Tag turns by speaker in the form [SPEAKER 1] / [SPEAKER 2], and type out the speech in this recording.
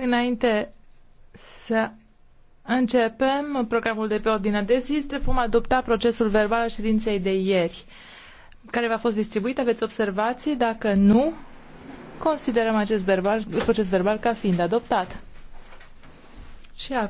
[SPEAKER 1] Înainte să începem programul de pe ordinea de zi, vom adopta procesul verbal al ședinței de ieri, care v-a fost distribuit. Aveți observații? Dacă nu, considerăm acest verbal, proces verbal ca fiind adoptat. Și acum.